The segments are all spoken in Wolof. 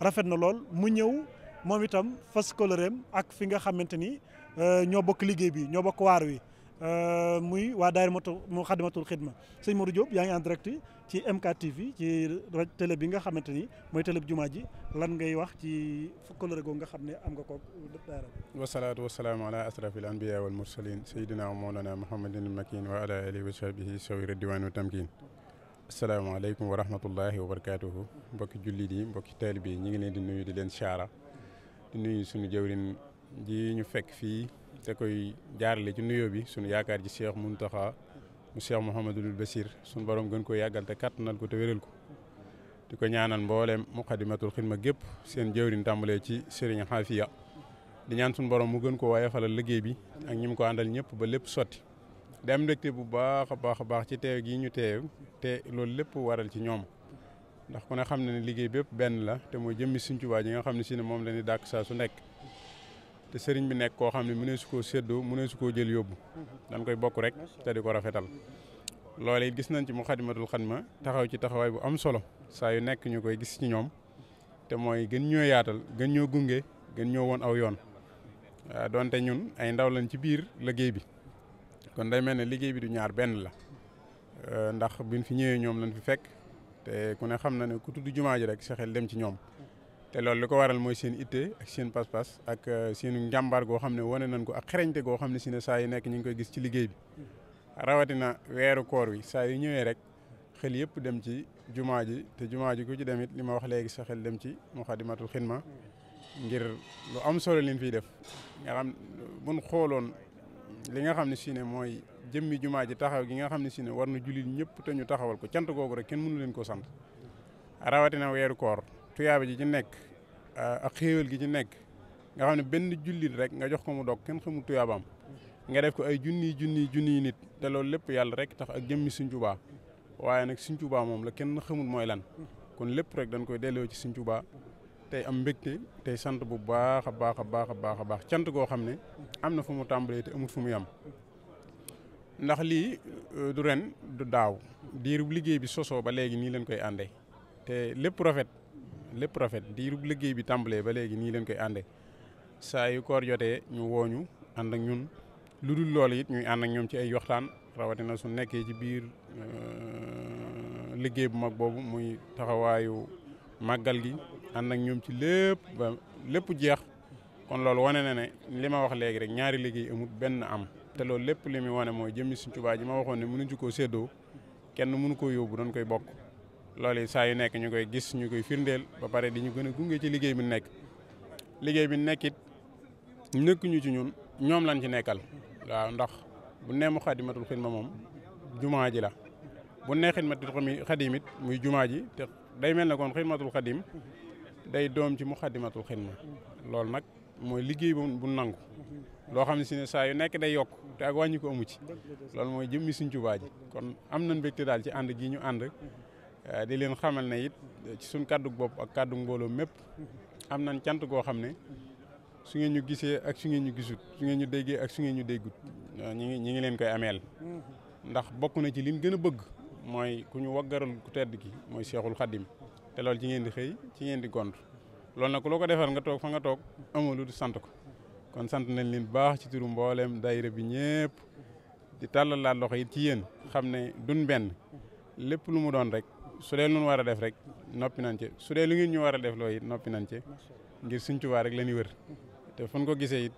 rafet na lool mu ñëw moom itam fas koloreem ak fi nga xamante ni euh, ñoo bokk liggéey bi ñoo bokk waar wi euh, muy waa daayira mu xadimatul xidma sëñ Modou Diop yaa ngi en direct ci MKTV ci télé bi nga xamante ni mooy tele bu jumaa ji lan ngay wax ci kolore googu nga xam ne am nga ko daara wasalaatu wasalaamu ala asrafil anbiya wal mursalin sayidina wa mawlana muhammadin makin wa ala alihi wa sahbihi sawi raddiwaan wa tamkin asalaamaaleykum wa rahmatullahi wa barakaatuhu mbokki jullit yi mbokki teel yi ñu ngi leen di nuyu di leen siyaara di nuyu suñu jëwrin ji ñu fekk fii te koy jaarale ci nuyoo bi suñu yaakaar ji mun Mountakha mu Cheikh Mouhamadul Basir suñu borom gën ko yàggal te kàttanal ko te wéral ko di ko ñaanal mbooleem muqaddimatul xidma gépp seen jëwrin tàmbalee ci Serigne Xaafiya di ñaan suñu borom mu gën ko waaye falal liggéey bi ak ñi ko àndal ñëpp ba lépp sotti di am bu baax a baax a baax ci teew gi ñu teew te loolu lépp waral ci ñoom ndax ku ne xam ne ne liggéey bépp benn la te moo jëmmi Sëriñ Tuubaa ji nga xam ne si ne moom la ñuy dàkk saa su nekk te sëriñ bi nekk koo xam ne mu ne su koo séddoo mu ne su koo jël yóbbu dañ koy bokk rek te di ko rafetal lool it gis nañ ci mu Moukhaddamatoul ma taxaw ci taxawaay bu am solo saa yu nekk ñu koy gis ci ñoom te mooy gën ñoo yaatal gën ñoo gunge gën ñoo woon aw yoon donte ñun ay ndaw lañ ci biir liggéey bi kon day mel ne liggéey bi du ñaar benn la euh, ndax biñ fi ñëwee ñoom lañ fi fekk te ku ne xam na ne ku tudd jumaa ji rek sa xel dem ci ñoom te loolu li ko waral mooy seen itte ak seen pas-pas ak euh, seen njàmbaar goo xam ne wane nañ ko ak xereñte goo xam ne si ne saa yu nekk ñu ngi koy gis ci liggéey bi rawatina weeru koor wi saa yu ñëwee rek xel yëpp dem ci jumaa ji te jumaa ji ku ci dem it li ma wax léegi sa xel dem ci Muxaddamatul Xidma ngir lu am solo liñ fiy def nga li nga xam ne si ne mooy jëmmi jumaa ji taxaw gi nga xam ne si ne war na jullit ñëpp te ñu taxawal ko cant googu rek kenn mënu leen ko sant rawatina weeru koor tuyaaba ji ci nekk ah, ak xéewal gi ci nekk nga xam ne benn jullit rek nga jox ko mu dog kenn xamul tuyaabaam nga def ko ay junniy junniy junniy nit te loolu lépp yàlla rek tax ak jëmmi Sëñ Tuubaa waaye nag Sëñ Tuubaa moom la kenn xamul mooy lan kon lépp rek dañ koy delloo ci Sëñ tey am mbégte tey sant bu baax a baax a baax a baax a baax cant goo xam ne am na fu mu tàmbalee te amul fu mu yam ndax lii euh, du ren du daaw diirub liggéey bi sosoo ba léegi nii leen koy àndee te lépp rafet lépp rafet diirub liggéey bi tàmbalee ba léegi nii leen koy àndee saa yu koor jotee ñu wooñu ànd ak ñun lu du loolu it ñuy ànd ak ñoom ci ay waxtaan rawatina su nekkee ci biir euh, liggéey bu mag boobu muy taxawaayu màggal gi ànd ak ñoom ci lépp ba lépp jeex kon loolu wane na ne li ma wax léegi rek ñaari liggéey amut benn am te loolu lépp li muy wane mooy jëmmi Sëriñ Tuubaa ji ma waxoon ne mënuñu koo séddoo kenn mënu koo yóbbu doon koy bokk loolu saa yu nekk ñu koy gis ñu koy firndeel ba pare di ñu gën a gunge ci liggéey bi nekk liggéey bi nekkit nekkuñu ci ñun ñoom lañ ci nekkal waaw ndax bu nee mu xadimatul xidma moom jumaa ji la bu nee xidmatul xadim muy jumaa ji te day mel ne kon xidmatul xadim day doom ci muxaddamatul xidma loolu nag mooy liggéey bu nangu loo xam ne si ne saa yu nekk day yokk te ak wàññi ko amu ci loolu mooy jëmmi suñ Tuubaa ji kon am nañ mbégte daal ci ànd gi ñu ànd eh, di leen xamal ne it ci suñ kàddu bopp ak kàddu mbooloo mépp am nañ cant goo xam ne su ngeen ñu gisee ak su ngeen ñu gisut su ngeen ñu déggee ak su ngeen ñu déggut eh, ñi ngi ñi ngi leen koy ameel ndax bokk na ci liñ gën a bëgg mooy ku ñu waggaral ku tedd gi mooy Seexul Xaddim te loolu ci ngeen di xëy ci ngeen di gont loolu nag loo ko defar nga toog fa nga toog amalu du sant ko kon sant nañ leen baax ci turu mbooleem daayira bi ñëpp di tàllalaat loxo yi ci yéen xam ne duñ benn lépp lu mu doon rek su dee lu ñu war a def rek noppi nañ ci su dee lu ngeen ñu war a def loo it noppi nañ ci ngir Sëñ rek la ñuy wër te fu ko gisee it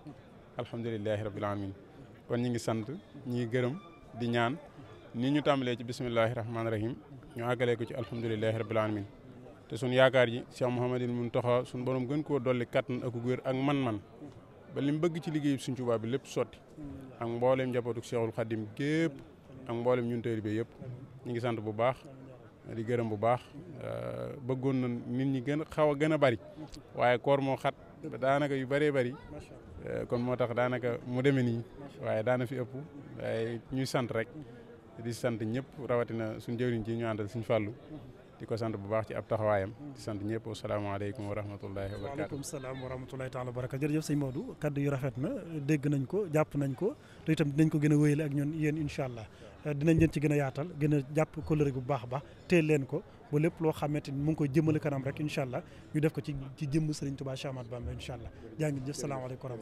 alhamdulilahi laa alamin kon ñu ngi sant ñu gërëm di ñaan ni ñu tàmbalee ci bismillahi rahmaani rahim ñu àggalee ko ci alhamdulilahi rabbil alamin te sun yaakaar ji Cheikh Mouhamadul Mountakha sun borom gën koo dolli kattan ak wér ak man-man ba li mu bëgg ci liggéey Sëriñ Tuubaa bi lépp sotti ak mbooleem njabootu Cheikhul Khadim gépp ak mbooleem ñun taalibe bi yëpp ñu ngi sant bu baax di gërëm bu baax euh, bëggoon na nit ñi gën xaw a gën a bari waaye koor moo xat daanaka yu bëree bari euh, kon moo tax daanaka mu demee nii waaye daana fi ëpp waaye ñuy sant rek di sant ñëpp rawatina suñ jëwriñ ji ñu àndal suñ fàllu di ko sant bu baax ci ab taxawaayam di sant ñëpp asalaamaaleykum wa rahmatullahi wa barakatu waaleykum salaam wa rahmatullahi taala wa barakatu jërëjëf sëñ Maodo kaddu yu rafet na dégg nañ ko jàpp nañ ko te itam dinañ ko gën a wéyale ak ñun yéen incha allah dinañ leen ci gën a yaatal gën a jàpp coloré bu baax baax teel leen ko ba lépp loo xamante ni mu ngi koy jëmale kanam rek incha allah ñu def ko ci ci jëmm sëriñ Tuubaa Séex Ahmadu Bamba incha allah jaa ngi jëf salaamaaleykum wa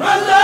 rahmatullah